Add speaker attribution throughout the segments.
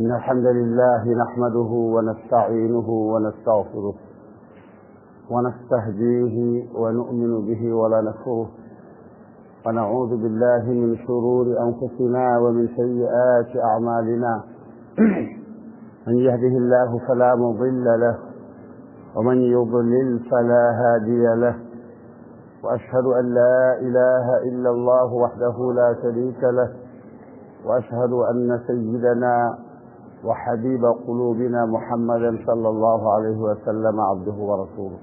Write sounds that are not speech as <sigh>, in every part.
Speaker 1: إن الحمد لله نحمده ونستعينه ونستغفره ونستهديه ونؤمن به ولا نكفره ونعوذ بالله من شرور أنفسنا ومن سيئات أعمالنا <clears throat> من يهده الله فلا مضل له ومن يضلل فلا هادي له وأشهد أن لا إله إلا الله وحده لا شريك له وأشهد أن سيدنا وحبيب قلوبنا محمدا صلى الله عليه وسلم عبده ورسوله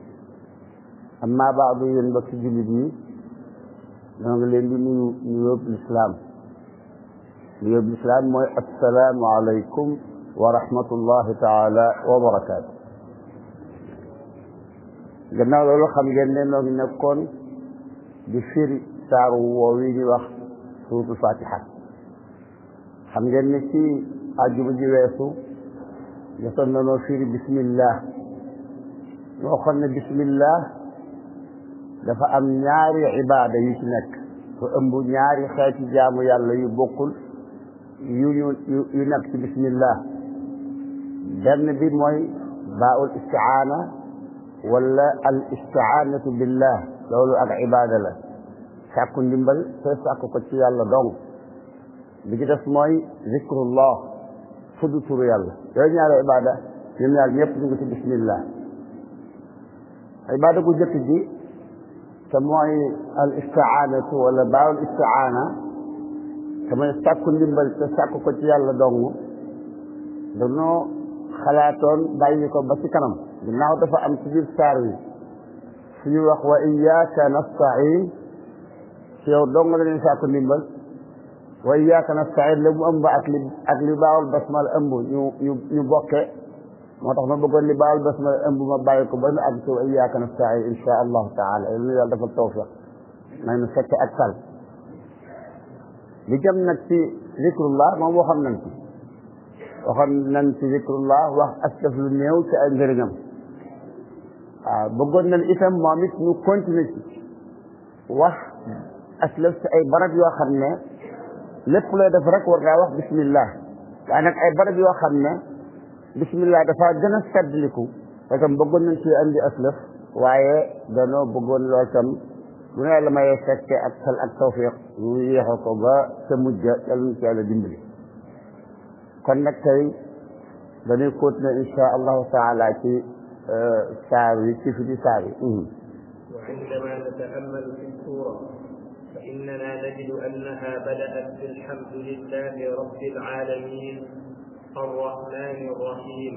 Speaker 1: أما بعض ينبك جلدي نغلين دي نيوب الإسلام نيوب الإسلام السلام عليكم ورحمة الله تعالى وبركاته جنا لو خم جنن لو نكون دي فير سارو ووي سوره الفاتحه خم عجب جويسو يصنع نوشير بسم الله وخلنا بسم الله دفع أم نياري عبادة يتنك وأم نياري خيتي جامو يالله يبقل ينك بسم الله دمنا بموي باو الاستعانة ولا الاستعانة بالله لولو عبادة له شاكو نمبل فساكو قتيا الله دون بجدس موي ذكر الله tudd turu yàlla yooyu ñaari ibaada ñoom ñaar ñëpp ñu ngi ci bismillah ibaada gu jëkk ji te mooy al istiaanatu wala baawul istiaana te mooy sàkku ndimbal te ko ci yàlla dong dañoo xalaatoon ko ba ci kanam ginnaaw dafa am ci biir saar wi suñu wax wa iyyaka nastain ci yow ndimbal وإياك نستعير لم أنبعك لبعض البسمة الأنب يبقى ما تخنا بقول لبعض البسمة الأنب ما بايك وبين أكتو وإياك نستعير إن شاء الله تعالى إذن الله دفع التوفيق ما ينسك أكثر لجم نكتي ذكر الله ما وخم ننتي وخم ننتي ذكر الله وأسف للنيو تأنزر جم آه، بقولنا الإثم ما مثل كنت نتي
Speaker 2: وأسلفت
Speaker 1: أي برد يا خرنا lépp looy def rek war ngaa wax bismillah waaye nag ay barab yoo xam ne bismillah dafaa gën a seddliku parce que bëggoon nañ ci andi aslëf waaye danoo bëggoon lool tam lu ne la may fekke ak xel ak tawfiq ñu yéexe ko ba sa mujj yàlla ñu ci yàlla dimbali kon nag tey dañuy continuer insha allahu taala ci saar yi ci fi di saar yi.
Speaker 2: وعندما نتأمل في السورة فإننا نجد أنها بدأت بالحمد لله رب العالمين الرحمن الرحيم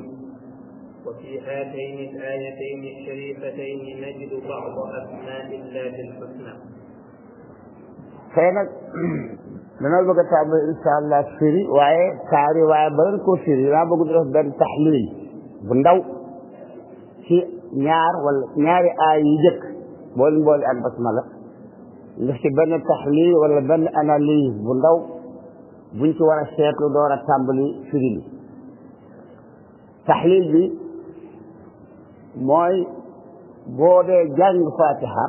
Speaker 2: وفي هاتين الآيتين الشريفتين نجد بعض أسماء الله الحسنى
Speaker 1: ننو بگتا انشاءاللہ سری وائے ساری وائے بدن کو سری را بگدرس بن تحليل بندو si ñaar wala ñaari aay yi بول bool boole ak nga si benn taxliil wala benn analyse bu ndaw buñ ci war a seetlu door a tàmbali firi bi taxliil bi mooy boo dee jàng fatiha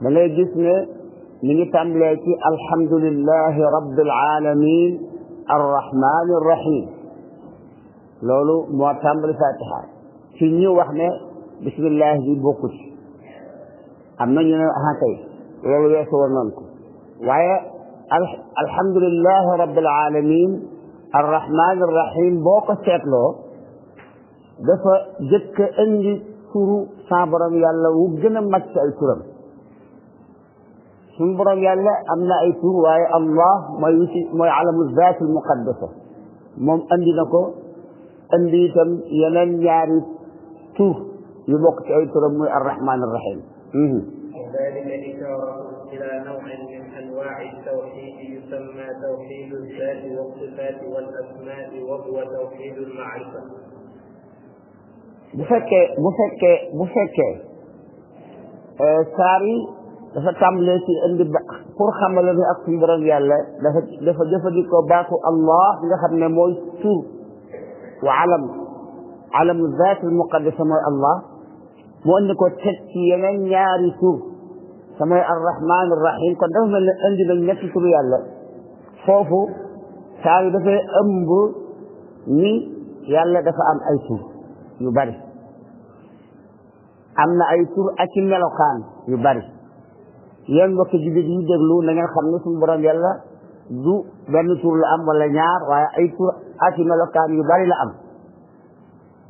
Speaker 1: da ngay gis ne mi ngi tàmbalee ci alhamdulillahi rabbil alamin arrahmani arrahim loolu moo tàmbali fatiha ci ñu wax ne bismillah bi bokku ci am na ñu ne ah kay loolu weesu woon nañ ko waaye alhamdulilah rabbil alamin arrahman arrahim boo ko seetloo dafa jëkk a indi turu sa borom yàlla wu gën a mag ci ay turam suñu borom yàlla am na ay tur waaye allah mooy wuti mooy alamu zaat al muqaddasa moom andi na ko andi itam yeneen ñaari tur yu bokk ci ay turam muy arrahman arrahim
Speaker 2: وذلك إشارة إلى نوع من أنواع التوحيد يسمى توحيد الذات والصفات والأسماء وهو توحيد المعرفة.
Speaker 1: بفكر بفكر بفكر saar yi dafa tàmbalee ci indi ba pour xamale ne ak suñu borom yàlla dafa dafa jëfandikoo baatu allah nga xam ne mooy tur wa alam alamu zaat al muqaddasa mooy allah mu indi ko teg ci yeneen ñaari tur samay mooy arrahman rahim kon dafa mel ne indi nañ ñetti turu yàlla foofu saa yu dafay ëmb ni yàlla dafa am ay tur yu bari am na ay tur ak ci melokaan yu bari yéen mbokki jullit yi déglu na ngeen xam ne borom yàlla du benn tur la am wala ñaar waaye ay tur ak ci melokaan yu bari la am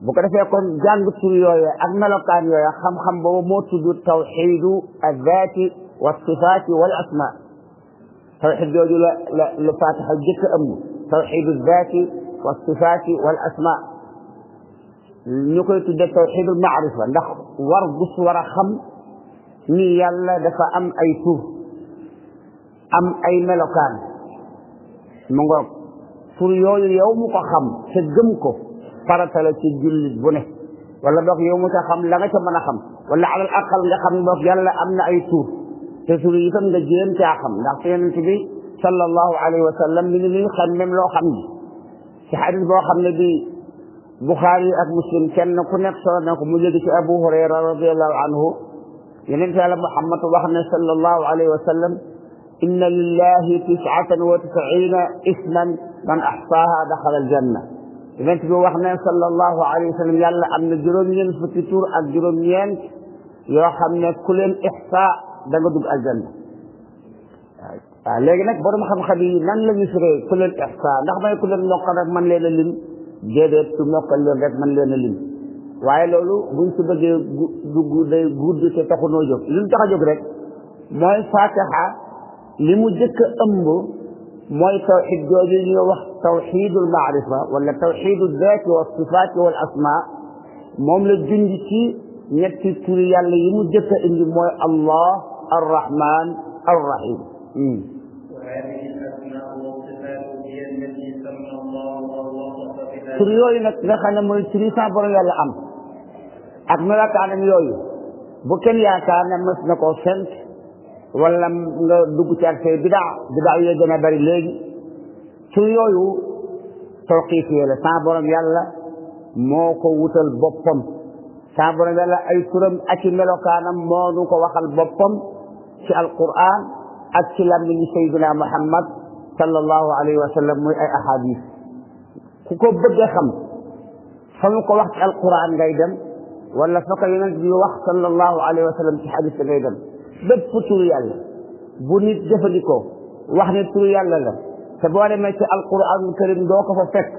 Speaker 1: bu ko defee kon jàng tur yooyu ak melokaan yooyu xam-xam boobu moo tudd tawxidu azzaati wa sifaati wal asma tawxid jooju la la la fatixa jëkk ëmb tawxidu azzaati wa sifaati wal asma ñu koy tudde tawxidu maarifa ndax war gus war a xam ni yàlla dafa am ay tur am ay melokaan mu ngoog tur yooyu yow mu ko xam te gëm ko farata ci jullit bu ne wala dox yow mu ta xam la nga ca mën a xam wala alal aqal nga xam dox yàlla am na ay tur te suñu itam nga jéem caa xam ndax yonent bi sallallahu alayhi wa sallam mi ngi ñuy xam mem loo xam ni ci xadis boo xam ne bi buxaari ak muslim kenn ku nekk solo na ko mu jóge ci abu hurayra radiallahu anhu yonent yàlla muhammad wax ne sallallahu alayhi wa sallam inna lillahi tisatan wa tisaina isman man axsaaha daxala aljanna yonent bi wax ne sallallahu alayhi wa sallam yàlla am na juróom-ñeent fukki tur ak juróom-ñeent yoo xam ne ku leen ixsa da nga dugg aljanna waaw léegi nag borom xam-xam yi nan la ñu firee ku leen ixsa ndax may ku leen mokkal rek man leen a lim déedéet su mokkal leen rek man leen a lim waaye loolu buñ si bëggee dugg day gudd te taxu noo jóg li mu tax a jóg rek mooy fatiha li mu jëkk a ëmb موي توحيد جوجي توحيد المعرفة ولا توحيد الذات والصفات والأسماء مومل جندتي نكتي تولي اللي يمجك اللي موي الله الرحمن الرحيم تولي يوي نك نخانا موي تولي سابر يالا أم أكملا كان يوي بكن يا كان مسنا كو wala nga dugg ci ak say bidaa bidaa yee gën a bari léegi ci yooyu tawqiif yee la saa borom yàlla moo ko wutal boppam saa borom yàlla ay turam ak i melokaanam moo nu ko waxal boppam ci alquran ak ci lammiñu sayduna muhammad sallallahu alayhi wa sallam muy ay ahadis ku ko bëgg a xam fa mu ko wax ci alquran ngay dem wala fa ko yonent bi wax sallallahu alayhi wa sallam ci xadis ngay dem bépp turu yàlla bu nit jëfandikoo wax ne turu yàlla la te boo demee ci alquranul karim doo ko fa fekk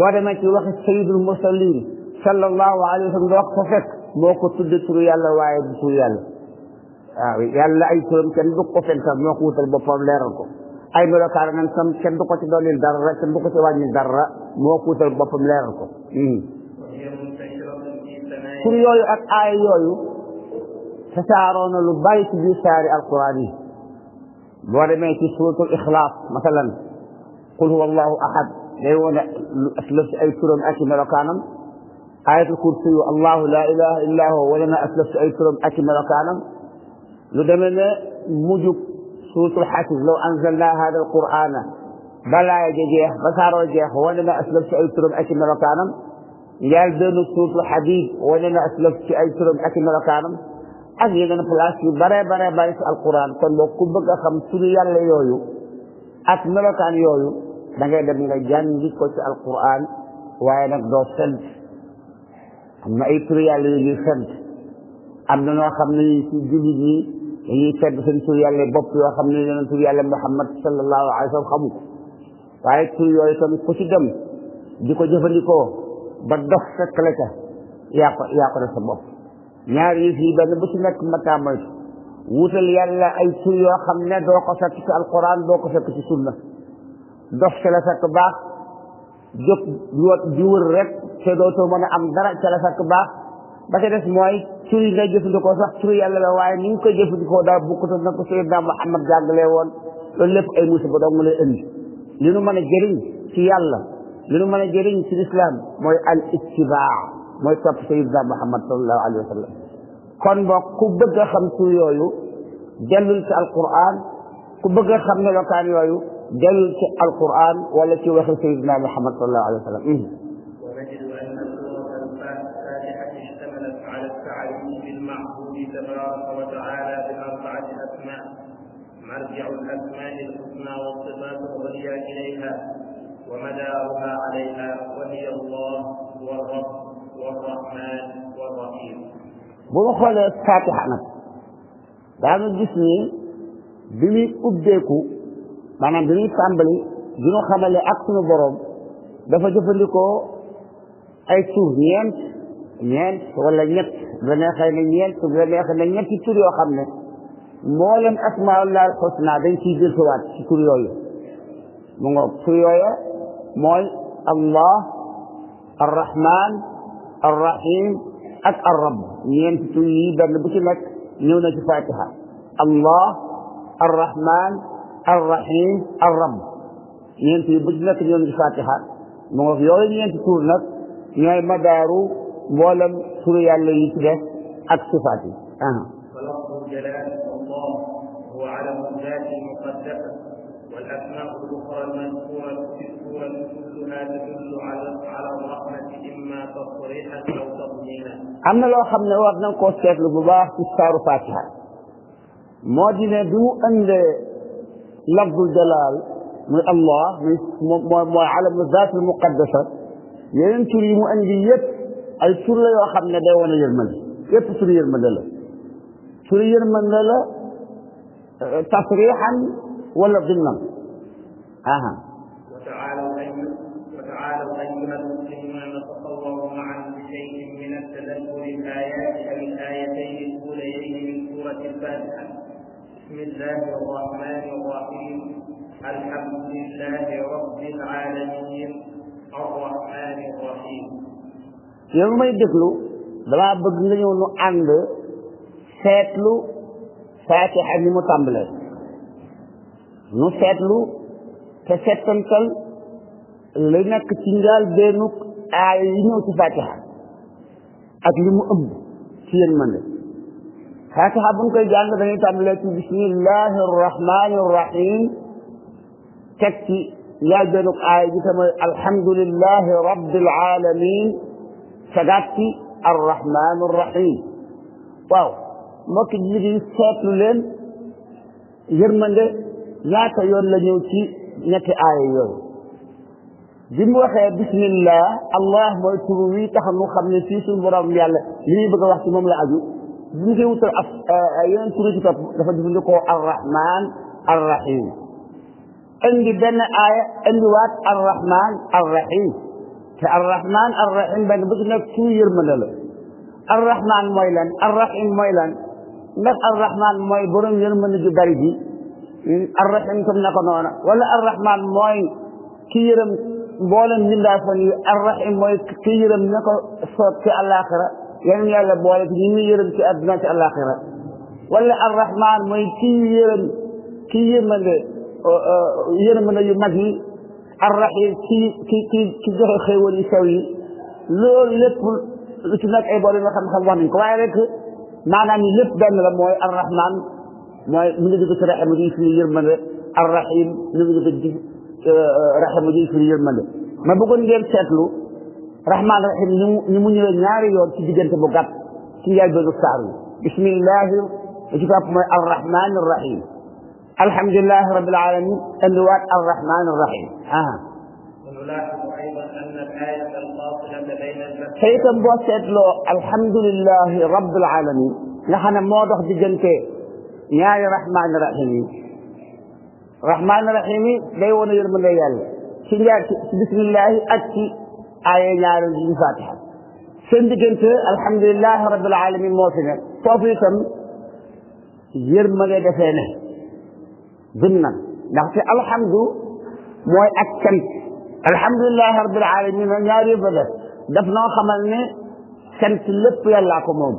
Speaker 1: boo demee ci waxi sayyidul mursalin sallallahu alayhi wa sallam doo ko fa fekk moo ko tudde turu yàlla waaye du turu yàlla waaw yàlla ay turam kenn du ko fental moo ko wutal boppam leeral ko ay melokaan nan sam kenn du ko ci dollil dara kenn du ko ci wàññi dara moo ko wutal boppam leeral ko tur yooyu ak aaya yooyu تسارون البيت في بشارع القرآن ورميت سورة الإخلاص مثلا قل هو الله أحد لا ليون أسلس أي كرم أكي كانم آية الكرسي الله لا إله إلا هو ولنا أسلس أي كرم أكي كانم لدمنا مجب سورة الحاكم لو أنزلنا هذا القرآن بلا يجيه بسارو يجيه ولنا أسلس أي كرم أكي كانم يالدن سورة الحديث ولنا أسلس أي كرم أكي كانم ak yeneen place yu bare bare bare ci alquran kon boo ku bëgg xam suñu yàlla yooyu ak melokaan yooyu da ngay dem nga jàngi ko ci alquran waaye nag doo fent am na ay turu yàlla yu ñuy fent am na noo xam ni ñu ci jullit ñi dañuy fent bopp yoo xam ne yeneen turu yàlla muhammad sallallahu alayhi wa sallam xamu waaye turu yooyu tamit ku ci dem di ko jëfandikoo ba dox fekk ca yaa ko yaa ko def sa bopp ñaar yëf yi benn bu ci nekk mataa moytu wutal yàlla ay tur yoo xam ne doo ko fekk ci alquran doo ko fekk ci sunna dof ca la fekk baax jóg di wër rek te dootoo mën a am dara ca la baax ba ca des mooy tur yi ngay jëfandikoo sax tur yàlla la waaye ni nga koy jëfandikoo daa bukkuta na ko Seydina Muhammad jàngalee woon loolu lépp ay musiba dong lay indi li nu mën a jëriñ ci yàlla li nu mën a jëriñ ci lislaam mooy al ittibaa moy top sayidna muhammad sallallahu alayhi wasallam kon bok ku bëgg xam tur yoyu delul ci alquran ku bëgg xam xam lokan yoyu delul ci alquran wala ci waxe sayidna muhammad
Speaker 2: sallallahu alayhi wasallam sallam مرجع الأسماء الحسنى والصفات العليا إليها ومدارها عليها وهي الله هو الرب
Speaker 1: bu ma xoolee Faatiha nag daanu gis ni bi muy ubbeeku maanaam bi muy tàmbali bi ñu xamale ak suñu boroom dafa jëfandikoo ay tur ñeent ñeent wala ñett bu neexee ne ñeent bu la ne ñetti tur yoo xam ne mboolem asmaullahi alxusna dañ ciy jëltuwaat ci tur yooyu mu ngo yooyu mooy allah arrahman الرحيم أك الرب نين تتوني لك نون فاتحه الله الرحمن الرحيم الرب نين تتوني لك نون شفاتها موغيو نين تتورنك نين مدارو مولم سوريا اللي يتجه أك شفاتي أه. am na loo xam ne war nañ koo seetlu bu baax ci saaru fatiha moo di ne bi mu ëndee lafdul jalaal muy allah muy mooy mooy alamu zaatul muqaddasa yeneen tur yi mu indi yépp ay tur la yoo xam ne day wane yërmande yépp tur yërmande la tur yërmande la tasrixan wala dimnan aha
Speaker 2: الله الرحمن الرحيم الحمد لله رب العالمين الرحمن الرحيم
Speaker 1: يوم يدخلوا دابا بغ نيو نو اند سيتلو فاتحه ني مو تامبل نو سيتلو تا سيتنتل لي نك تينغال بينو اي نو سي فاتحه ak limu ëmb ci yeen mën la فاتحه buñ koy jàng dañuy tàmbalee ci bismillahi arrahmani arrahim teg ci yaay benuk aay bi tamay alhamdulillahi rabbil alamin sagaat ci arrahman arrahim waaw mbokki jigi seetlu leen yërmande ñaata yoon la ñëw ci ñetti aaya yooyu bi mu waxee bismillah allah mooy turu wi tax nu xam ne fii suñu borom yàlla li ñuy bëgg a wax ci moom la aju bu ñu koy wutal af yeneen tur ci topp dafa jëfandikoo arrahman arrahim indi benn aaya indi waat arrahman arrahim te arrahman arrahim benn bu ci nekk tur yërmande la arrahman mooy lan arrahim mooy lan ndax arrahman mooy borom yërmande ju bari ji arrahim comme na ko noona wala arrahman mooy ki yërëm mboolem mbindaa fan yi arrahim mooy ki yërëm na ko soob ci àllaaxira يعني يا رب والدين يرم في الدنيا في الآخرة ولا الرحمن ما يكي يرم كي من يرم من يمجي الرحيم كي كي كي كي جه خيول يسوي لو لب لكنك أي بارين خم خواني كوارك ما نني لب دم لما الرحمن ما من يجي تسرح مدي في يرم الرحيم من يجي تجي رحم مدي في يرم ما بقول يرم شكله رحمن رحيم نمني النار يوم تيجي جنت بقاط كي بسم الله الكتاب الرحمن الرحيم الحمد لله رب العالمين اللواء الرحمن الرحيم آه.
Speaker 2: ونلاحظ ايضا ان الايه الفاصله بين المسجد حيث
Speaker 1: الحمد لله رب العالمين نحن موضح دجنتي يا رحمن الرحيم رحمن الرحيم ليون يرمي الليالي بسم الله اكي آيين يارجي آية فاتحة سند جنت الحمد لله رب العالمين موسنا توفيقم يرمل دفينة ضمنا نحن الحمد موي أكتن الحمد لله رب العالمين من ياري بدا دفنا خملني سنت لب يلا كموب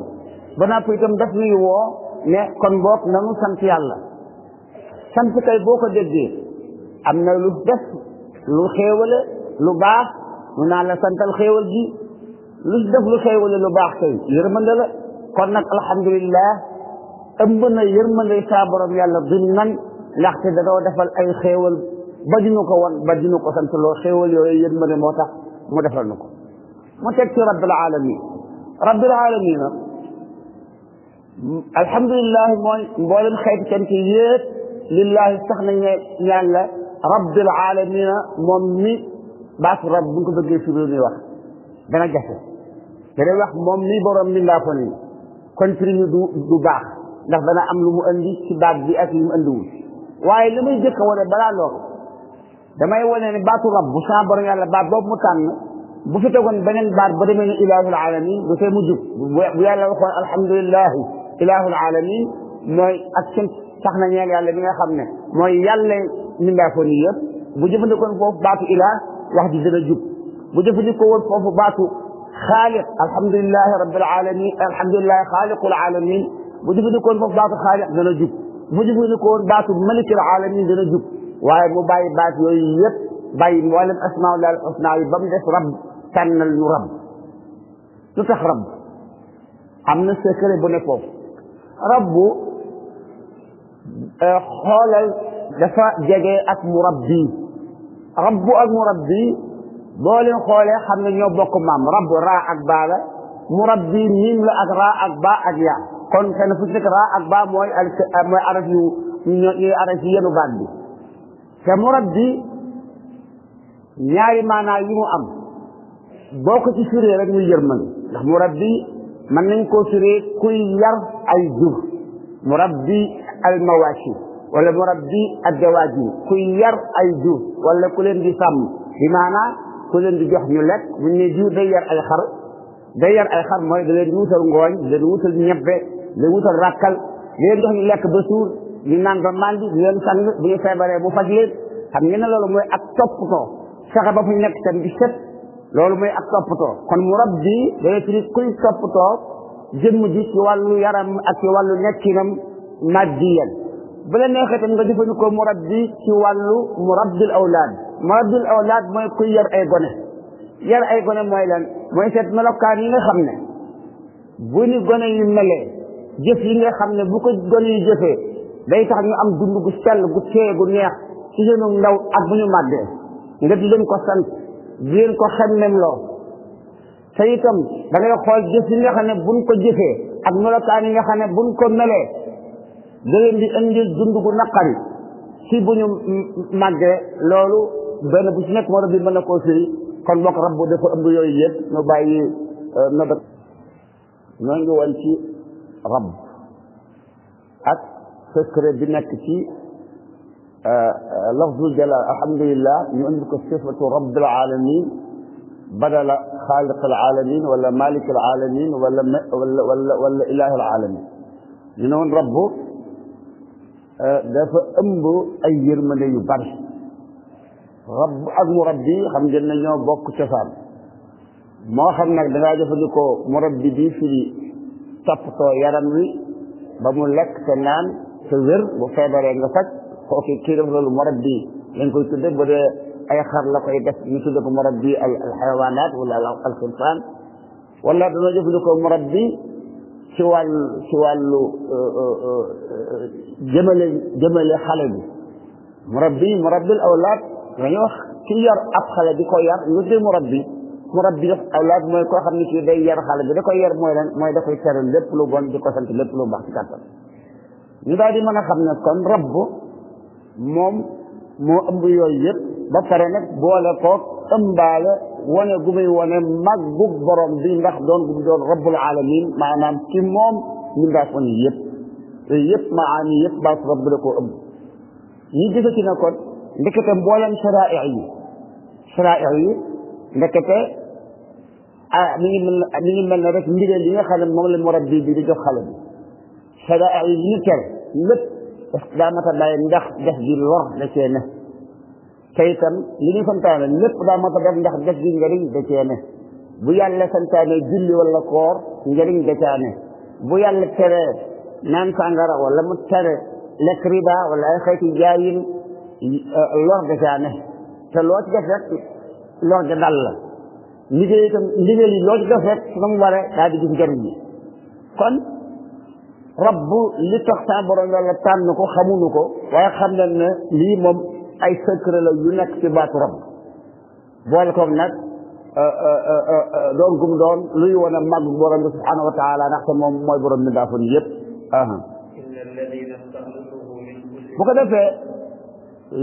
Speaker 1: بنا فيتم دفني وو ne kon bok nanu sant yalla sant kay boko degge amna lu def lu xewale lu من على سنت الخيول دي لش دف لو خيول لو باخ تي يرمن لا كون نك الحمد لله امنا يرمن لي صابرم يالا دنن لاخ تي دو دفال اي خيول بجنوكو وان بجنوكو سنت لو خيول يوي يرمن موتا مو دفال نكو رب العالمين رب العالمين الحمد لله مول مول الخير كان لله سخنا يالا رب العالمين مومي baatu rab bu ñu ko bëggee ci lu ñuy wax dana jafe te day wax moom mi borom mi laa ko nii kon firi ñu du du baax ndax dana am lu mu andi ci baat bi ak lu mu andiwul waaye li muy jëkk a wane balaa loolu damay wane ne baatu rab bu saa borom yàlla baat boobu mu tànn bu fi tegoon beneen baat ba demee ne ilahul alamin du fee mu jub bu yàlla waxoon alhamdulilahi ilahul alamin mooy ak cant sax na ñeel yàlla bi nga xam ne mooy yàlla mi laa ko nii yëpp bu jëfandikoon foofu baatu ilah واحد جنة جب مجفل يكو وفف باتو خالق الحمد لله رب العالمين الحمد لله خالق العالمين مجفل يكو وفف باتو خالق جنة جب مجفل يكو وفف باتو ملك العالمين جنة جب واي مباي بات يويب باي موالم اسماء الله الحسنى بمدس رب تن المرب نتح رب عمنا سكر بنفوف رب آه، خالق دفع جاجي اك مربي rabbu ak murabbi boo leen xoolee xam ne ñoo bokk maam rabbu raa ak baa la murabbi miim la ak raa ak baa ak yaa kon kenn fu ci nekk raa ak baa mooy mooy araf yu ñuy araf yu yenu baat bi te murabbi ñaari maanaa yi mu am boo ko ci firee rek muy yërmande ndax murabbi mën nañ koo firee kuy yar ay jur murabbi al mawashi ولا مربي الدواجي كير الجو ولا كلن دي سام بمعنى كلن دي جوخ نيولك من دي دير الخر دير الخر موي دي لن موسل غوي دي موسل نيبي دي موسل راكال دي لن جوخ نيولك بسور دي نان دو ماندي دي لن سان دي فيبري بو فاجيل خامني نا لولو موي اك توپ كو شخه با فني نيك تام دي شيت لولو موي اك توپ كو كون مربي دي تري كوي توپ bu la neexee tam nga jëfandikoo murabbi ci wàllu murabbil awlaad murabbil awlaad mooy kuy yar ay gone yar ay gone mooy lan mooy set melokaan yi nga xam ne bu ni gone yi melee jëf yi nga xam ne bu ko gone yi jëfee day tax ñu am dund gu sell gu tee gu neex ci seenu ndaw ak bu ñu màggee nga di leen ko sant di leen ko xemmem loo te itam da ngay xool jëf yi nga xam ne buñ ko jëfee ak melokaan yi nga xam ne buñ ko melee dalen di andi dund gu nakari ci buñu magge lolu ben bu ci nek mo rabbi mën na koo sëy kon bok rabbu bu andu yoy yooyu no bàyyi nabat nangi wal ci rabb ak secret bi nek ci lafzul jalal alhamdulillah ñu indi ko sifatu rabbil alamin بدل خالق العالمين ولا مالك العالمين ولا ولا ولا, ولا اله العالمين ينون ربه Euh, dafa ëmb ay yërmande yu bari rab ak murabbi xam ngeen ne ñoo bokk cosaan moo xam nag dangaa jëfandikoo murabbi bi firi toppatoo yaram wi ba mu lekk te naan te bu feebaree nga faj kooku kii def loolu murabbi lañ koy tudde bu dee ay xar la koy def ñu tudde ko murabbi al xayawaanaat wala al xinsaan wala dana murabbi ci wàllu ci wàllu jëmale jëmale xale bi murabbi murabbil awlaad dañu wax ci yar ab xale di ko yar lu dee murabbi murabbi def awlaad mooy koo xam ne kii day yar xale bi da koy yar mooy lan mooy da koy tere lépp lu bon di ko sant lépp lu baax ci kàttan ñu daal di mën a xam ne kon rabb moom moo ëmb yooyu yëpp ba pare nag boole koog ëmbaale wane gu muy wane màggug borom bi ndax doon gu mu doon rabbul alamin maanaam ci moom mbindaafoon yi yëpp te yëpp maani yëpp baat rabb la ko ëmb ñu gisa ci ne kon ndekete mboolem saraa'ir yi saraa'ir yi ndekete ah mi ngi mel mi ngi mel ne rek ndigal yi nga xam ne moom la murabbi bi di jox xale bi saraa'ir yi ñu tel lépp daf daa mat a bàyyi ndax def gi lor da cee ne te itam li ñu santaane lépp daa mat a def ndax def gi njëriñ da cee ne bu yàlla santaane julli wala koor njëriñ da caa ne bu yàlla tere naan sàngara wala mu tere lekk riba wala ay xeeti jaayin lor da caa ne te loo ci def rek lor da dal la liggéey itam liggéey yi loo ci def rek su mu waree daa di gis njëriñ yi kon rabb li tax saa borom yàlla tànn ko xamuñu ko waaye xam nañ ne lii moom ay secret la yu nekk ci baatu rab boole koog nag doon gum doon luy wane mag borom bi subhanahu wa taala ndaxte moom mooy borom mi daa fon yëpp bu ko defee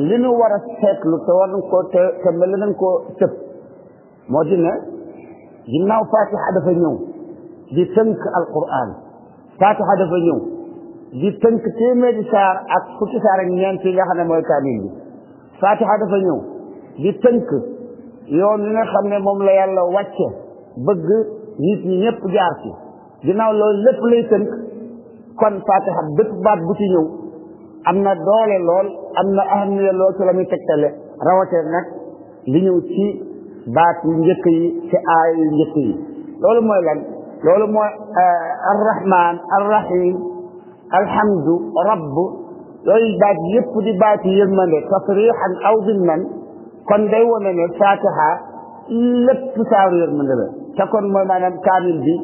Speaker 1: li nu war a seetlu te war ko te te mel nañ ko tëb moo di ne ginnaaw fatiha dafa ñëw di tënk alquran fatiha dafa ñëw di tënk téeméeri saar ak fukki saar ak ñeent yi nga xam ne mooy kaamil bi fatiha dafa ñëw di tënk yoon li nga xam ne moom la yàlla wàcce bëgg nit ñi ñëpp jaar ci ginnaaw lool lépp lay tënk kon fatiha bépp baat bu ci ñëw am na doole lool am na ahamiya lool ci la muy tegtale rawate nag li ñëw ci baat yu njëkk yi ci aay yu njëkk yi loolu mooy lan loolu mooy euh, arrahman arrahim alhamdu rabb yooyu baat yépp di baati yërmande tasrixan aw dimman kon day wone ne fatiha lépp saaru yërmande la te kon mooy maanaam kaamil bi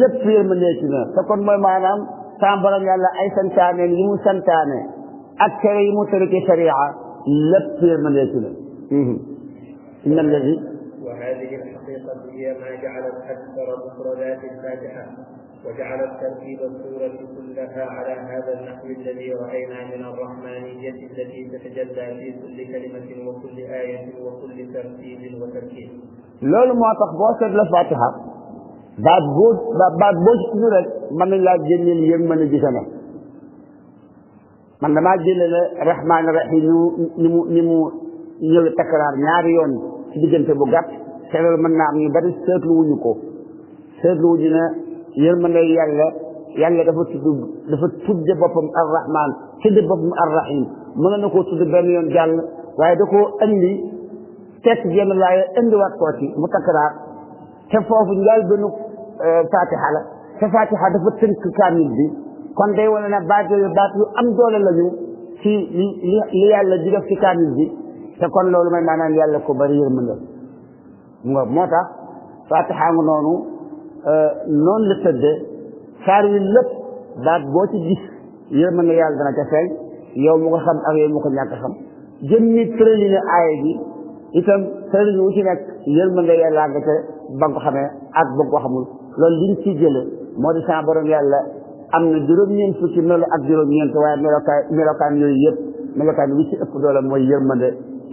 Speaker 1: lépp yërmande ci na te kon mooy maanaam sama borom yàlla ay santaane yi mu santaane ak tere yi mu tere ci sharia lépp yërmande ci na إن الذي
Speaker 2: وهذه الحقيقة هي ما جعلت أكثر مفردات الفاتحة وجعل الترتيب السورة كلها على هذا النحو الذي رأينا من الرحمنية التي تتجلى في كل كلمة وكل آية وكل ترتيب وتركيب.
Speaker 1: لو المعتق بواسطة لفاتها بعد بوش بعد بوش سورة من لا جنين يم من جسمه. من ما جل الرحمن الرحيم نمو نمو نيو تكرار نيار يون ديجنت بوغات سيرل من نام ني بري سيرلو نيو كو سيرلو دينا yërmande yàlla yàlla dafa tudd dafa tudde boppam arrahman tudde boppam arrahim mën na koo tudd benn yoon jàll waaye da koo andi tekk jenn laaya indiwaat koo ci mu takkaraar te foofu njaal benn euh, fatiha la te fatiha dafa tënk kaamil bi kon day wane ne baat yooyu baat yu am doole lañu ci li li yàlla di def ci kaamil bi te kon loolu mooy maanaam yàlla ko bari yërmande moo tax fatiha noonu noonu la tëdd saar wi lépp baat boo ci gis yërma nga yàlla dana ca feeñ yow mu ko xam ak yow mu ko ñàkk xam jëmmi tëralinu aaya bi itam tëralinu wu ci nekk yërma nga yàlla nga ca ba nga ko xamee ak ba nga ko xamul loolu liñ ci jële moo di sa borom yàlla am na juróom-ñeent fukki melo ak juróom-ñeent waaye melokaan melokaan yooyu yëpp melokaan wi ci ëpp doole mooy yërmande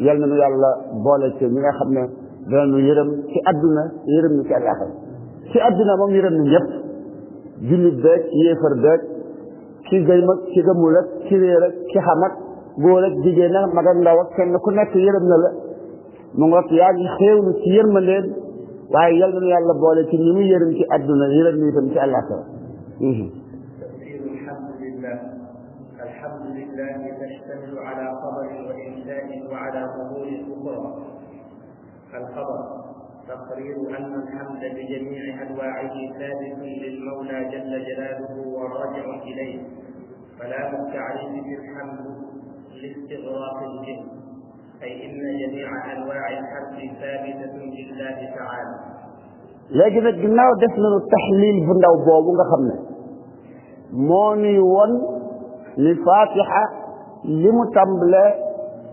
Speaker 1: yal na nu yàlla boole ci ñi nga xam ne dana nu yërëm ci àdduna yërëm ñu ci àddina moom ñu dem ñun ñëpp jullit beeg yéefar beeg ki gëm ak ki gëmul ak ki réer ak ki xam ak góor ak jigéen ak mag ak na la mu ngoog yaa ngi xéewlu ci yërmandeen waaye yal na yàlla boole ci ñi mu yërëm ci àdduna yërëm ñu itam ci àllaaxira
Speaker 2: التقدير أن الحمد بجميع أنواعه ثابت للمولى جل جلاله وراجع إليه فلا بد عليه بالحمد لاستغراق الجن أي إن جميع أنواع الحمد ثابتة لله تعالى
Speaker 1: لكن قلنا دفن التحليل بنا وبوابنا خمنا موني ون الفاتحة لمتملة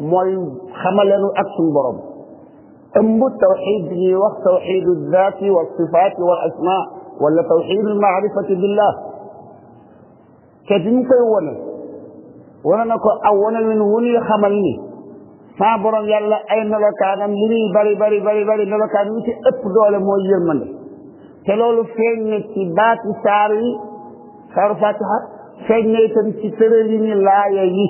Speaker 1: موي خمالنو أكسن برمو أنبو التوحيد به والتوحيد الذات والصفات والأسماء ولا توحيد المعرفة بالله كذنك أولا ولنك أولا من ولي خملني صابرا يلا أين لك أنا مني بري بري بري بري لك أنا مني أبدو على مؤير مني تلولو فين تبات ساري سار فاتحة فين تنسترين لا يجي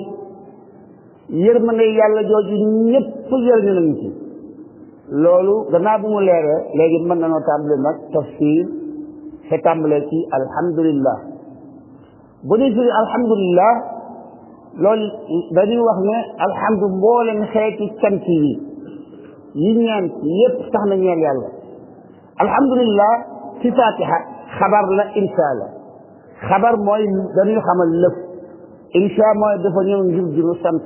Speaker 1: يرمني يلا جوجي نبو يرمني loolu gannaaw bu mu leeree léegi mën nañoo tàmbali nag tafsir te tàmbalee ci alhamdulillah bu dee firi alhamdulillah loolu dañuy wax ne alhamdu mboolem xeeti cant yi yi ñaan yépp tax na ñeel yàlla alhamdulillah ci fatiha xabar la insha la xabar mooy dañuy xamal lëf insha mooy dafa ñëw ngir sant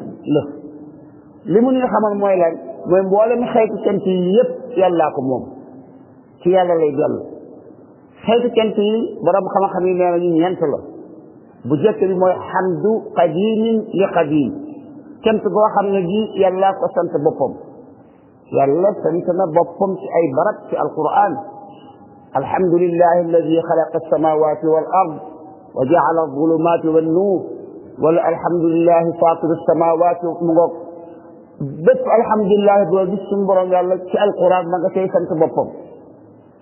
Speaker 1: li mu ñuy xamal mooy lan moy mbolam xeytu cant yi yépp yàllaa ko mom ci yàlla lay dellu xeytu cant yi borom xam-xam yi nee nañu ñeent la bu jëkk bi moy hamdu qadimin li qadim cant go xamne gi yalla ko sant boppam yàlla sant na boppam ci ay barab ci alquran الحمد لله الذي خلق السماوات والأرض وجعل الظلمات والنور والحمد لله فاطر السماوات والأرض bépp alhamdulilah boo gis suñu borom yàlla ci alquran ma nga cay sant boppam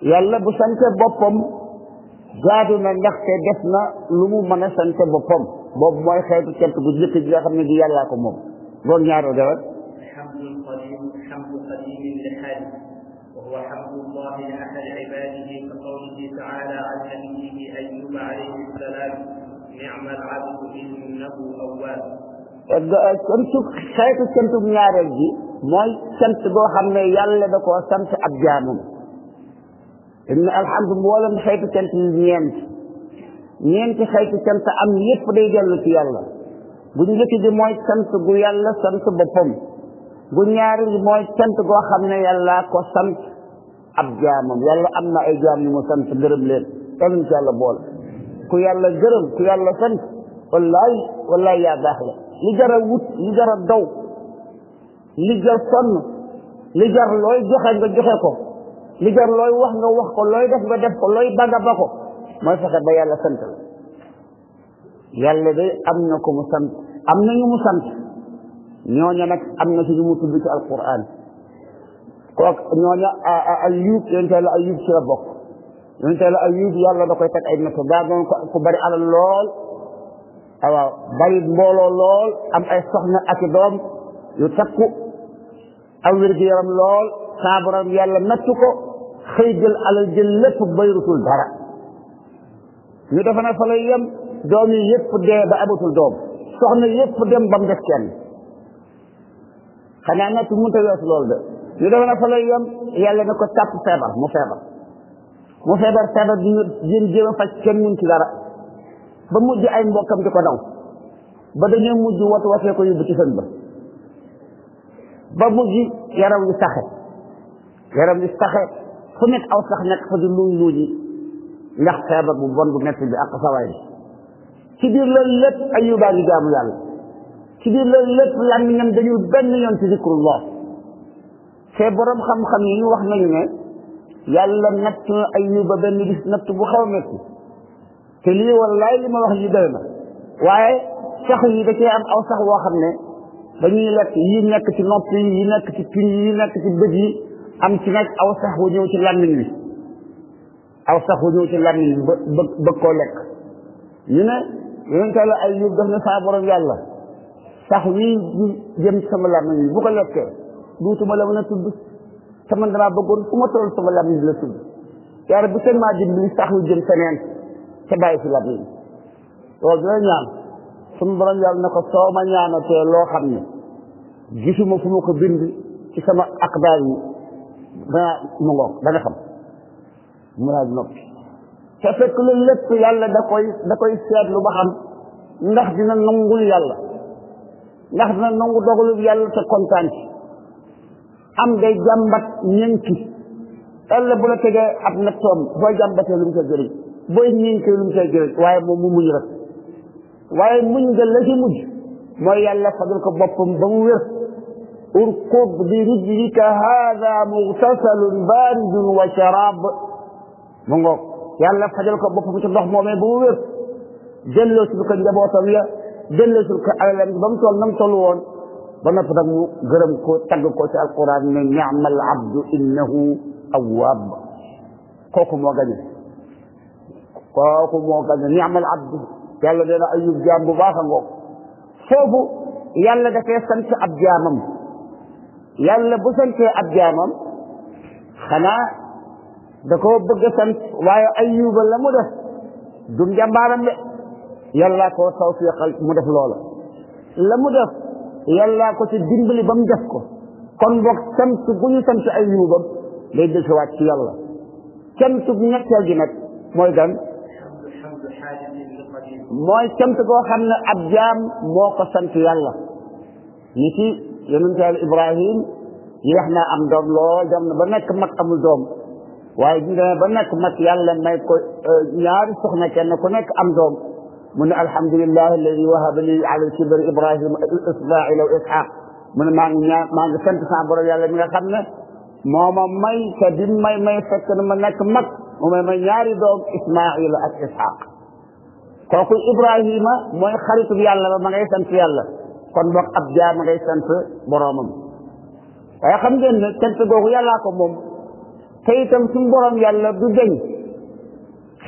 Speaker 1: yàlla bu sante boppam jaadu na ndaxte def na lu mu mën a sante boppam boobu mooy xeetu cant gu njëkk gi nga xam ne gi yàllaa ko moom loolu ñaaroo dawal
Speaker 2: العبد إنه أواب
Speaker 1: cantug xeetu cantug ñaareel ji mooy cant goo xam ne yàlla da koo sant ab jaamam ne alhamdu mboolem xeetu cant yi ñeent ñeenti xeetu cant am yépp day dellu ci yàlla bu njëkk gi mooy sant gu yàlla sant boppam bu ñaari gi mooy cant goo xam ne yàlla ko sant ab jaamam yàlla am na ay jaam yu mu sant gërëm leen yàlla ci bool gërëm ku yàlla sant والله والله يا باهلة لجر الوت لجر الضوء لجر الصن لجر لوي جخن بجخكو لجر لوي وحن وحكو لوي دف بدفكو لوي بدفكو ما يفكر بيا لسنت يالي بي أمنكم سنت أمنكم مسنت نيونا نك أمنكم موت بك القرآن كوك نيونا أيوب ينتهي لأيوب شربك ينتهي لأيوب يالله دقيتك أيوب دقيتك أيوب دقيتك أيوب دقيتك أيوب waaw bari mbooloo lool am ay soxna ak doom yu takku am wérgu yaram lool saa yàlla nattu ko xëy jël alal jël lépp bayrutul dara ñu defe na fa lay yem doom yi yépp dee ba amatul doom soxna yépp dem ba mu def kenn xanaa natt mënta weesu loolu de ñu defe na fa lay yem yàlla ne ko tàpp feebar mu feebar mu feebar feebar di ñu jéem jéem a kenn mun ci dara ba mujj ay mbokam di ko daw ba dañoo mujj wat wasee ko yóbbu ci sën ba ba mujj yaram wi saxe yaram wi saxe fu nekk aw sax nekk fa di luuñ luuñi ndax feebar bu bon bu metti bi ak sawaay bi ci biir loolu lépp ay yóbbaa ngi jaamu yàlla ci biir loolu lépp làmmiñam dañu benn yoon ci zikrullah te borom xam-xam yi wax nañu ne yàlla natt na ay yóbba benn bu xaw metti te lii wallaay li ma wax yi doy na waaye sax yi da cee am aw sax woo xam ne dañuy lekk yi nekk ci nopp yi yi nekk ci tuñ yi nekk ci bët yi am ci nag aw sax wu ñëw ci làmmiñ wi aw sax wu ñëw ci làmmiñ wi bëgg koo lekk ñu ne yéen la ay yóbbu daf ne saa yàlla sax wii jëm ci sama làmmiñ wi bu lekkee duutuma la mën a tudd te man damaa bëggoon fu ma toll sama làmmiñ la tudd yaa rabbi seen maa dimbali sax wi jëm feneen te bàyyi ci lab yi loolu dina ñaan suñu yàlla ne ko soo ma ñaanatee loo xam ne gisuma fu ma ko bind ci sama ak yi danaa mu ngoog da nga xam mu naa noppi te fekk lu lépp yàlla da koy da koy seetlu ba xam ndax dina nangul yàlla ndax dina nangu dogalub yàlla te kontaan am day jàmbat ñenki ëllëg bu na tegee ab nattoom booy jàmbatee lu mu ko jëriñ booy ñiiñ ko lu mu koy jëriñ waaye moom mu muñ rek waaye muñ nga la ci mujj mooy yàlla fajal ko boppam ba mu wér urkub bi rijlika haada mugtasalun baridun wa sharaab mu ngoog yàlla fajal ko boppam ci ndox moomee ba mu wér delloo sul ko njabootam ya delloo sul ko alalam ba mu toll na mu toll woon ba nopp nag mu gërëm ko tagg ko ci alquran ne ni'mal abdu innahu awwaab kooku moo gañe kooku moo gën a ni'mal abdu yàlla dana ayub jaam bu baax a ngoog foofu yàlla dafay sant ab jaamam yàlla bu santee ab jaamam xanaa da koo bëgg a sant waaye ayuba la mu def du njàmbaaram de yàlla koo tawfiqal mu def loola la mu def yàlla ko ci dimbali ba mu def ko kon boog sant bu ñu sant ayubam day dësiwaat ci yàlla sant bu ñetteel gi nag mooy gan mooy sant goo xam ne ab jaam moo ko sant yàlla ni ci yonent yàlla ibrahim yeex naa am doom lool dem na ba nekk mag amul doom waaye bi demee ba nekk mag yàlla may ko ñaari soxna kenn ku nekk am doom mu ne alhamdulillah alladi wahaba li ala kibari ibrahima ismaila wa ishaq mu ne maa ngi maa ngi sant sama borom yàlla mi nga xam ne moo ma may te bi may may fekk na ma nekk mag mu may ma ñaari doom ismaila ak ishaq kooku ibrahima mooy xaritub yàlla ba ma ngay sant yàlla kon boog ab jaar ma ngay sant boroomam waaye xam ngeen ne sant googu yàllaa ko moom te itam suñu boroom yàlla du deñ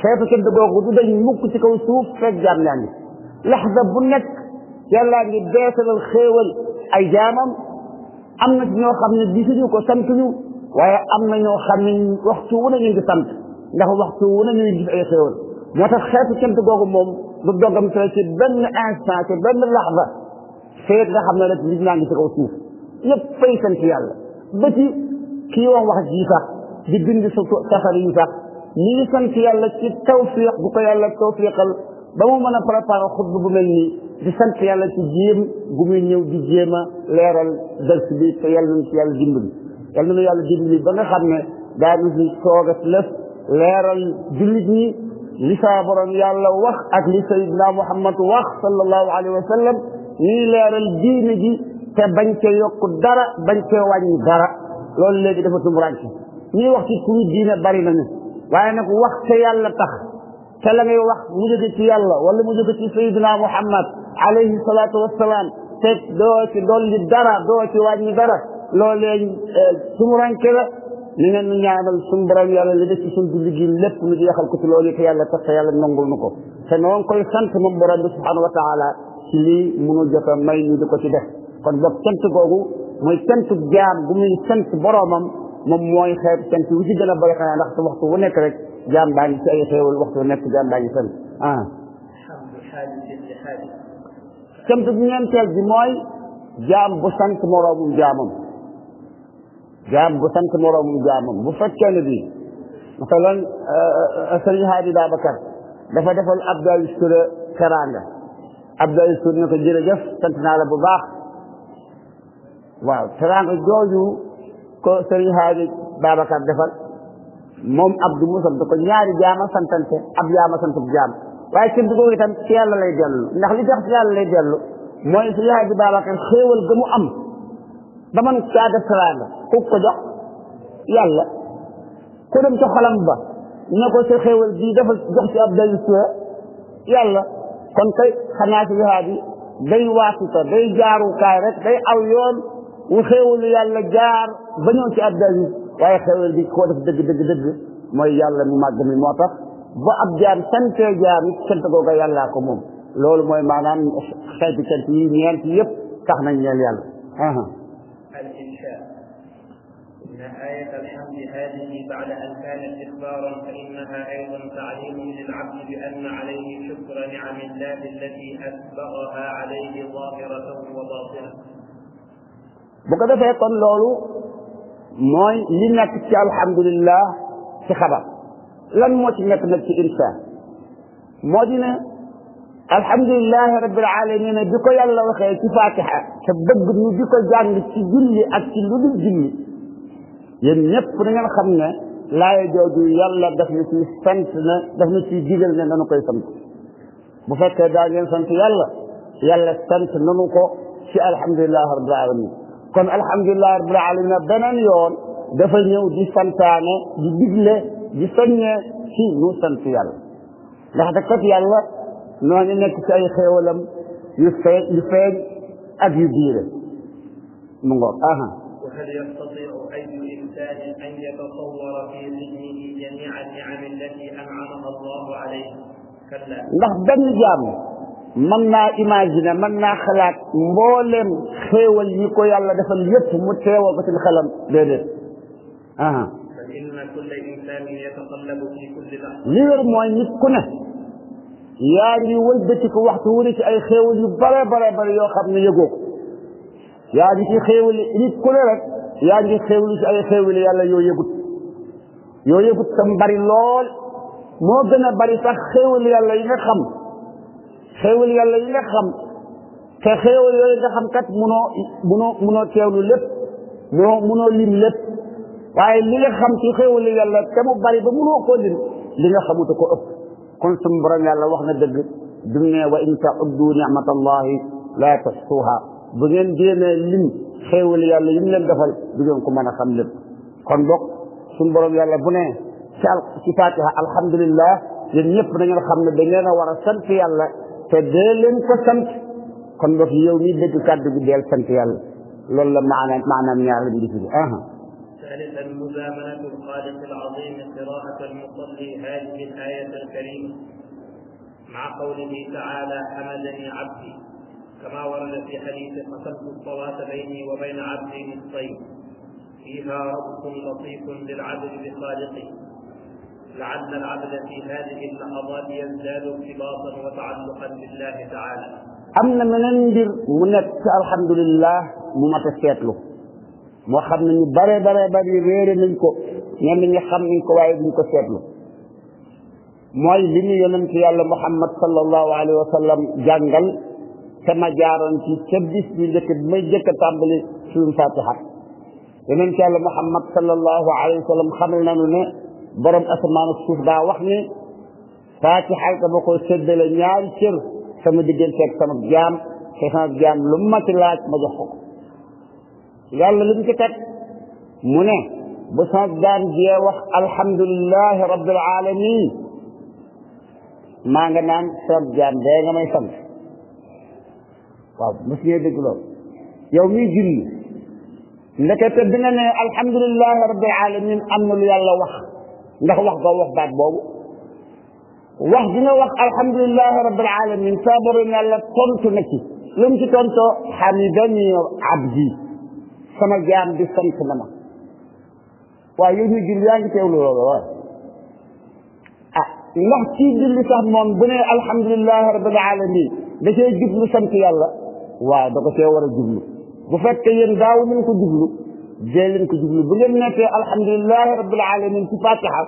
Speaker 1: xeetu sant googu du deñ mukk ci kaw suuf fekk jaam yaa ngi laxda bu nekk yàllaa ngi beesalal xéewal ay jaamam amna na ñoo xamne di gisuñu ko santuñu waaye am na ñoo xamne waxtu wu ñu ngi sant ndax waxtu wu ñu ngi ay xewal motax tax xeetu sant gogum mom du dogam sa ci ben instant ci ben lahza feet nga xamne ne rek nit ñaa ngi ci ko suuf ñëpp fay sant yàlla ba ci ki wax wax ji sax di bind sa safar yi sax ñi sant yàlla ci tawfiq bu ko yàlla tawfiqal ba mu meuna a préparer xutba bu melni di sant yàlla ci jéem gu muy ñëw di jéem a leeral dërs bi te yàlla nañ ci yàlla dimbali yàlla nañu yàlla dimbali ba nga xam ne daanu fi soogat lëf leeral jullit ñi li saa borom yàlla wax ak li sayidna muhammad wax sallallahu alayhi wa sallam ñuy leeral diine gi te bañ ca yokk dara bañ ca wàññi dara loolu léegi dafa tumurànke ñuy wax ci turu diine bari nañu waaye nag wax ca yàlla tax ca la ngay wax mu jóge ci yàlla wala mu jóge ci sayidna muhammad alayhi salaatu wassalaam te doo ci dolli dara doo ci wàññi dara loolee eh, sumuranke la ni ngeen nu ñaanal suñu borom yàlla li def ci suñu dund gi lépp nu jeexal ko ci loolu te yàlla tax te yàlla nangul nu ko te noo ngi koy sant moom borom bi subhaanahu wa taala ci lii munu jot a may ñu di ko ci def kon boog sant googu mooy sant jaam gu muy sant boromam moom mooy xeet sant wu ci gën a bëri xanaa ndax su waxtu wu nekk rek jaam baa ngi ci ay xéewal waxtu wu nekk jaam baa ngi sant ah sant bu ñeenteel bi mooy jaam bu sant moroomum jaamam jaam bu sant moroomum jaamam bu fekkee ne bi masalan euh, euh, euh, sëriñ Haadi Babacar dafa defal Abdoulaye Touré teraanga Abdoulaye Touré ne ko jërëjëf sant naa la bu baax waaw teraanga jooju ko sëriñ Haadi Babacar defal moom Abdou Moussa da ko ñaari jaama santante ab jaama sant bu jaam waaye ci dugub itam ci yàlla lay dellu ndax li tax ci yàlla lay dellu mooy si laaj bi Babacar xéewal ga mu am ba man caa def teraanga ku ko jox yàlla ku dem ca xolam ba ne ko sa xéewal bii dafa jox ci ab dayu yàlla kon kay xanaa si jihaad yi day waasita day jaarukaay rek day aw yoon wu xéewalu yàlla jaar ba ñëw ci ab dayu waaye xéewal bi koo def dëgg dëgg dëgg mooy yàlla mu màgg mi moo tax ba ab jaam sante jaam it sant googa yàllaa ko moom loolu mooy maanaam xeeti cant yi ñeent yëpp tax nañ ñeel yàlla
Speaker 2: إن آية الحمد هذه بعد أن كانت إخبارا فإنها أيضا تعليم للعبد بأن عليه شكر نعم الله التي أسبغها عليه ظاهرة وباطنة
Speaker 1: bu ko defee kon loolu mooy li nekk ci alhamdulillah ci xabar لن موت نكمل في إنسان مودينا الحمد لله رب العالمين بكو يلا وخي تفاتحة شبق من بكو جان لتجلي أكل للجلي ينف من الخمنة لا يجود يلا دفن في سنتنا دفن في جيلنا ننقل سنت بفتك داجين سنت يلا يلا سنت ننقل في الحمد لله رب العالمين كن الحمد لله رب العالمين بنا يوم دفن يوم دي سنتانة دي disonya ci ñu sant yalla ndax da ko yalla no ñu nek ci ay xewalam yu fay yu fay ak yu diire mu ngok aha
Speaker 2: وهل يستطيع أي إنسان أن يتصور في ذهنه جميع النعم التي أنعمها الله عليه؟ كلا. ندخ بن
Speaker 1: جام من إيماجينا من خلاق مولم خيول يكو يالا دفن يف متيو وقت li wér mooy nit ku ne yaa wëlbati ko waxtu wu ci ay xéewal yu bare bare bare yoo xam ne yëgoo ko yaa ngi ci xéewal nit ku ne rek yaa ci ay xéewal yàlla yoo yëgut yoo yëgut tam bari lool moo gën a bari sax xéewal yàlla yi nga xam xéewal yàlla yi nga xam te xéewal yooyu nga xam lim lépp waaye li nga xam ci xéewal yàlla te mu bari ba mënoo koo lim li nga xamuta ko ëpp kon suñu borom yàlla wax na dëgg dum ne wa in tauddu nicmatallahi la tahsuha bu ngeen jéemee lim xéewal yàlla yi mu leen defal du ngeen ko mën a xam lépp kon bokk suñu borom yàlla bu ne ci al ci fatiha alhamdulillah yéen ñëpp da ngeen xam ne da ngeen a war a sant yàlla te dee leen ko sant kon bokk yow mi dégg kàddu gi deel sant yàlla loolu la maanaam maanaam ñaar la ñu di firi
Speaker 2: الثالثة مزامنة الخالق العظيم قراءة المصلي هذه الآية الكريمة مع قوله تعالى حمدني عبدي كما ورد في حديث قسمت الصلاة بيني وبين عبدي نصفين فيها ربط لطيف للعبد بخالقه لعل العبد في هذه اللحظات يزداد ارتباطا وتعلقا بالله تعالى
Speaker 1: am من meneen mbir الحمد لله ci تسيت له moo xam ne ñu bare bare bari réere nañ ko ñenn ñi xam nañ ko waaye duñ ko seetlu mooy li ñu yonent yàlla muhammad sallallahu alayhi wa sallam jàngal te ma jaaroon ci ca bis bi njëkk bi may jëkk a tàmbali suñu fatiha yonent yàlla muhammad sallallahu alayhi wa sallam xamal nañu ne borom asamaan ak suuf daa wax ni fatiha dama ko séddale ñaari cër sama ak sama jaam te sama jaam lu ma ci laaj ma jox ko yàlla lu mu ci teg mu ne bu sàggaan jee wax alhamdulilahi rabbil alamin maa nga naan sàggaan dee nga may sant waaw mos ngeen dégg loolu yow miy julli ndekete bi nga ne alhamdulilahi rabbil alamin am na lu yàlla wax ndax wax nga wax baat boobu wax gi nga wax alhamdulilahi rabbil alamin saa borom yàlla tontu na ci lu mu ci tontoo xamidani abdi sama jaam bi sant na ma waaye yow ñu julli yaa ngi teewlu loolu waaye ah ndax ci julli sax bu ne alhamdulilahi rabbil alamin da cee jublu sant yàlla waaw da ko cee war a jublu bu fekkee yéen daaw ñu ko jublu dee leen ko jublu bu ngeen nekkee alhamdulilahi rabbil alamin ci fatiha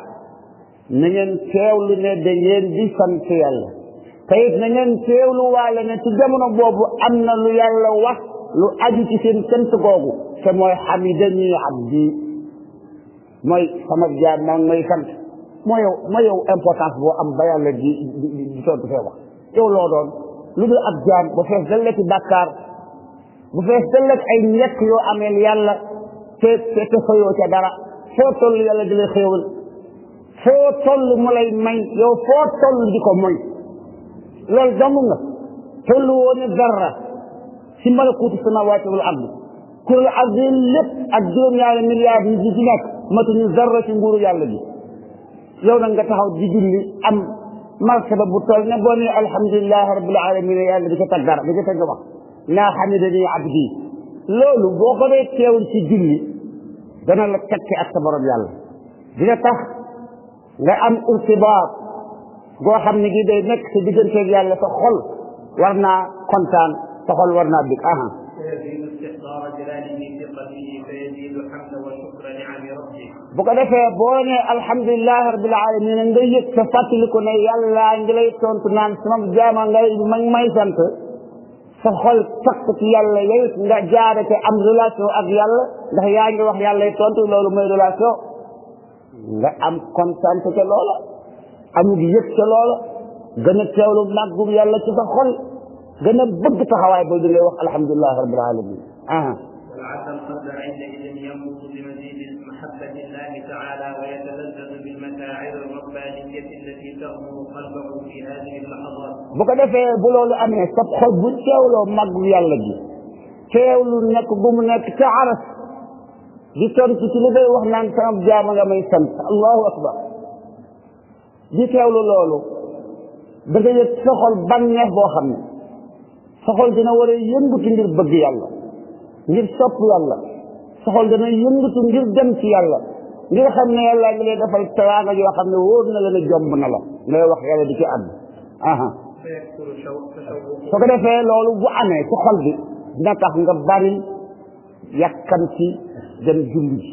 Speaker 1: na ngeen teewlu ne da ngeen di sant yàlla te it na ngeen teewlu waale ne ci jamono boobu am na lu yàlla wax lu aju ci seen cant googu te mooy hamidani abdi mooy sama jaam maa ngi may sant moo yow moo yow importance boo am ba yàlla di di tontu fee wax yow lu dul ab jaam bu fees dal ci bàkkaar bu fees dal ay ñekk yoo ameel yàlla te te te ca dara foo toll yàlla di lay xéewal foo toll mu lay may yow foo toll di ko moy loolu dong nga tollu woon dara ci malakuutu samaawaati wal ardi kuréel azim lépp ak juróom-ñaari milliards yi ci nekk matuñu zarra ci nguuru yàlla bi yow nag nga taxaw di julli am martaba bu toll ne boo nee alhamdulilahi rabbil alamin yàlla di ko tag dara di ko teg nga wax naa xamidani abdi loolu boo ko dee teewul ci julli dana la tekki ak sa borom yàlla dina tax nga am irtibaat goo xam ne gi day nekk sa digganteeg yàlla sa xol war naa kontaan تقول ورنا بك أها
Speaker 2: فيزيد استحضار جلاله في قلبه فيزيد الحمد وشكر نعم ربه
Speaker 1: بقدر فيبوني الحمد لله رب العالمين إن جي صفات لكنا يلا إن جي تونت نان سمم جامع لأي من ما يسمت فخل تقتك يلا يلس إن جارك أمر الله سوء أغ يلا لها يانج وح يلا يتونت لولو ميد الله سوء إن أم كونسانت كلولا أم جيك كلولا gëna teewlu màggum yàlla ci sa xol قلنا بقى تخواي بقول لي وقت الحمد لله رب العالمين آه.
Speaker 2: وعسى القدر عندئذ يموت بمزيد من محبة الله تعالى ويتلذذ بالمشاعر الربانية التي تغمر قلبه في هذه اللحظات. بقى
Speaker 1: في بلو لأمي استبخل بوشي ولو مقل يلقي. فيقول انك قوم انك تعرف دي تونس تلبي وحنا نتعرف جامع ما يسمت الله اكبر دي تقول لولو بقى يتسخل بنيه بو sa xol dina war a yëngatu ngir bëgg yàlla ngir sopp yàlla sa xol dina yëngatu ngir dem ci yàlla ngir xam ne yàlla ngi lay defal teraanga yoo xam ne wóor na la ne jomb na la ngay wax yàlla di ci àdd aha soo ko defee loolu bu amee ci xol bi dina tax nga bari yàkkamti dem julli ji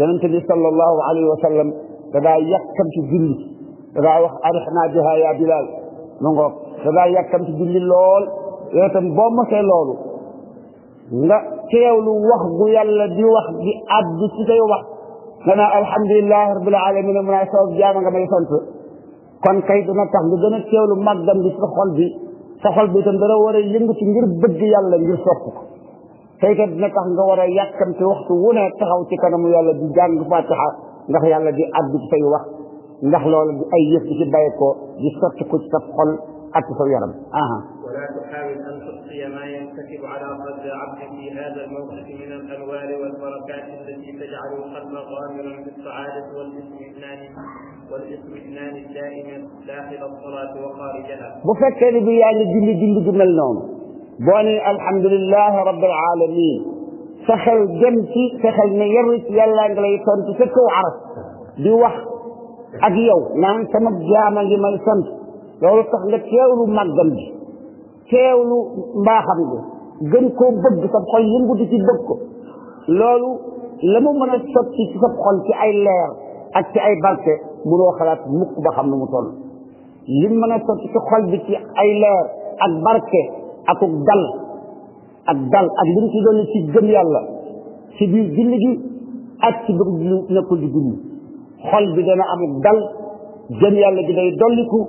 Speaker 1: yonente bi sallallahu alayhi wa sallam da daa yàkkamti julli da daa wax arixnaa biha ya bilal ma ngoog da daa yàkkamti julli lool yow itam boo mosee loolu nga teewlu wax gu yàlla di wax di àdd ci say wax nga naa alhamdulilah rabbil alamin mu naa sabab jaama nga may sant kon kay dina tax nga gën a teewlu màggam bi sa xol bi sa xol bi itam dana war a yëngatu ngir bëgg yàlla ngir sopp ko tey kat dina tax nga war a yàkkamte waxtu wu ne taxaw ci kanamu yàlla di jàng fatiha ndax yàlla di àdd ci say wax ndax loolu ay yëf di ci bàyyi ko di sotti ko ci sa xol ak sa yaram aha
Speaker 2: تحاول أن تحصي ما ينكتب على قدر عبد في هذا الموقف من الأنوار والبركات التي تجعل القلب غامرا بالسعادة والاطمئنان والاطمئنان الدائم داخل الصلاة وخارجها. مفكر
Speaker 1: بي أن جلي جلي جلي النوم. بوني الحمد لله رب العالمين. سخل جمتي سخل نيرت يلا انجلي كنت سكو عرف دي وقت اجيو نعم سمك جامل يمال سمس لو رفتح لك يولو ما دي teewlu mbaaxam gi gën koo bëgg sa xol yëngu di ci bëgg ko loolu la mu mën a sotti ci sa xol ci ay leer ak ci ay barke mënoo xalaat mukk ba xam nu mu toll lim mën sotti ci xol bi ci ay leer ak barke ak dal ak dal ak li mu ci doon ci gëm yàlla ci biir julli ak ci bëgg nekkul di julli xol bi dana am dal gëm yàlla gi day dolliku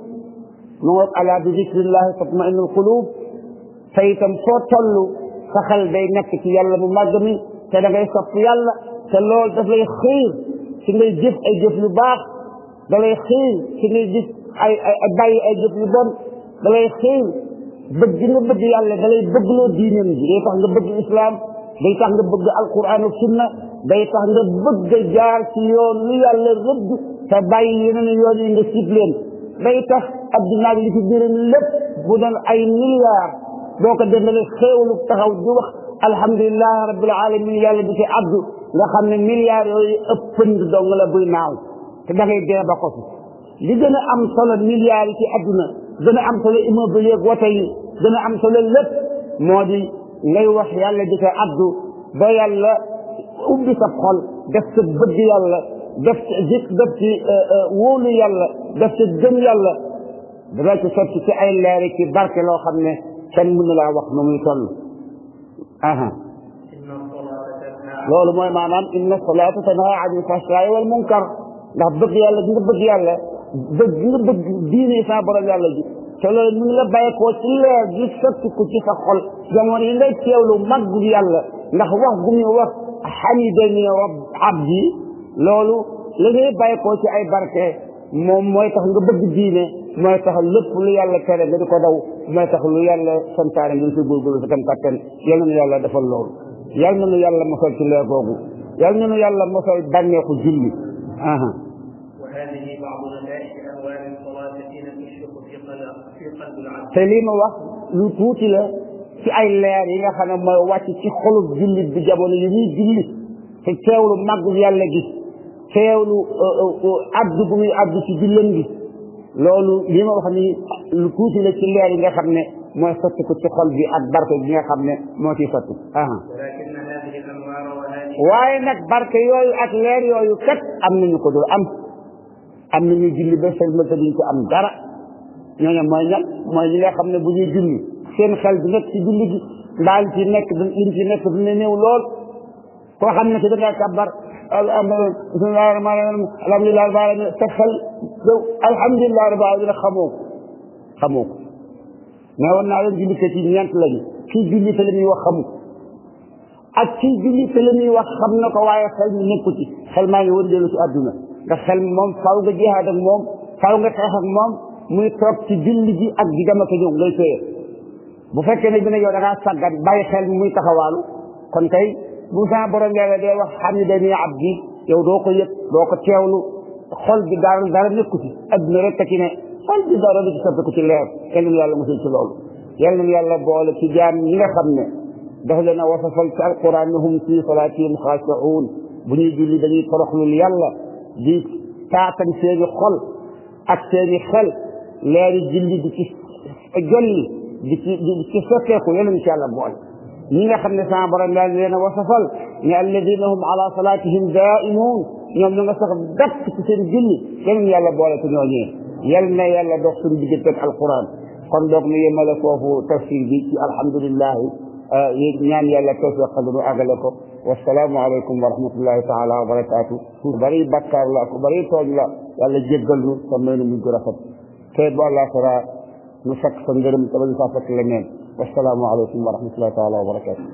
Speaker 1: نوت على بذكر الله تطمئن القلوب فيتم فوتل فخل بينك يلا بمجمي كان غير يلا تلول تفلي خير سنجي جف اي جف لباق دلي خير سنجي جف اي اي اي جف لبن دلي خير بجنو بجي يلا دلي بجنو دينم دي ايه تحن بجي اسلام دي تحن بجي القرآن والسنة دي تحن بجي جار سيون ليا لرد تبايلين يوني نسيب لين day tax adduna li ci biiram lépp bu doon ay milliards boo ko dendale xéewlu taxaw di wax alhamdulilah rabbil alamin yàlla di ci addu nga xam ne milliards yooyu ëppënd dong la buy naaw te da ngay dee ba ko fi li gën a am solo milliards yi ci adduna gën a am solo immobilier ak wote yi gën a am solo lépp moo di ngay wax yàlla di ci addu ba yàlla ubbi sa xol def sa bëgg yàlla دفت جيت دفت wóolu yàlla daf ca gëm yàlla dana ci sotti ci ay leeri ci barke loo xam ne kenn mënu laa wax nu muy toll aha loolu mooy maanaam inna salaata tanha anil fahshaai wal munkar ndax bëgg yàlla gi nga bëgg yàlla bëgg gi nga bëgg diine sa borom yàlla ji te loolu mu ngi la bàyyeekoo ci leer gi sotti ko ci sa xol jamono yi ngay teewlu màggu yàlla ndax wax gu muy wax xamidani rabb abdi loolu la ngay bàyyi ko ci ay barke moom mooy tax nga bëgg diine mooy tax lépp lu yàlla tere nga di ko daw mooy tax lu yàlla santaane nga si góorgóorlu sa tam kàttan yal nañu yàlla defal loolu yal nañu yàlla mosal ci leer googu yal nañu yàlla mosal bànneexu julli aha te lii ma wax lu tuuti la ci ay leer yi nga xam ne mooy wàcc ci xolub jullit bi jamono yi ñuy julli te teewlu yàlla gi teewlu addu gu muy addu ci jullam bi loolu li ma wax ni lu tuuti la ci leer yi nga xam ne mooy sotti ko ci xol bi ak barke bi nga xam ne moo ciy sotti waaye nag barke yooyu ak leer yooyu kat am nañu ko dul am am nañu julli ba seen mënta duñ ko am dara ñooñu mooy ñan mooy ñi nga xam ne bu ñuy julli seen xel bi nekk ci julli gi ndaal ci nekk duñ ci nekk dina néew lool koo xam ne si da ngaa kàbbar bismillahi rahmaani rahim alhamdulilah rabbil alamin sa xel yow alhamdulilah rabbil alamin xamoo ko xamoo ko mais war naa leen jullikat yi ñeent lañu kii julli te la muy wax xamu ak kii julli te la muy wax xam na ko waaye xel mi nekku ci xel maa ngi wëndeelu ci àdduna nga xel moom faaw nga jihaad ak moom faaw nga xeex ak moom muy toog ci julli ji ak di dem ak ñëw ngay téye bu fekkee ne bi ne yow da ngaa sàggan bàyyi xel mi muy taxawaalu kon kay Moussa borom lewe day wax xam ni dañuy ab gi yow doo ko yëg doo ko teewlu xol bi dara dara nekku ci adduna rek ci ne xol bi dara du ci soppiku ci leer yal nañu yàlla musul ci loolu yal nañu yàlla boole ci jaam ñi nga xam ne dafa leen a wasafal ci alquran ne hum fi salaatihim xaashi'uun bu ñuy julli dañuy toroxlul yàlla di taatan seeni xol ak seeni xel leeri julli di ci jolli di ci di ci soppeeku yal nañu ci yàlla boole ñi nga xam ne sama borom daal leen a wasafal ne alladina hum ala salatihim daimun ñoom ñu nga sax dakk ci seen julli kenn yàlla boole ci ñooñee yal na yàlla dox suñu diggante ak alquran kon doog nu yemale foofu tafsir bi ci alhamdulilahi ñaan yàlla tawfiqal nu àggale ko wasalaamu aleykum wa rahmatullahi taala wa barakaatu bari bakkaar la ku bari tooñ la yàlla jéggal nu te may nu mujj rafet te bu àllaaxira nu fekk sa ngërëm te bañ saa fekk leneen wasalaamu aleykum wa rahmatullahi taala wa barakaatu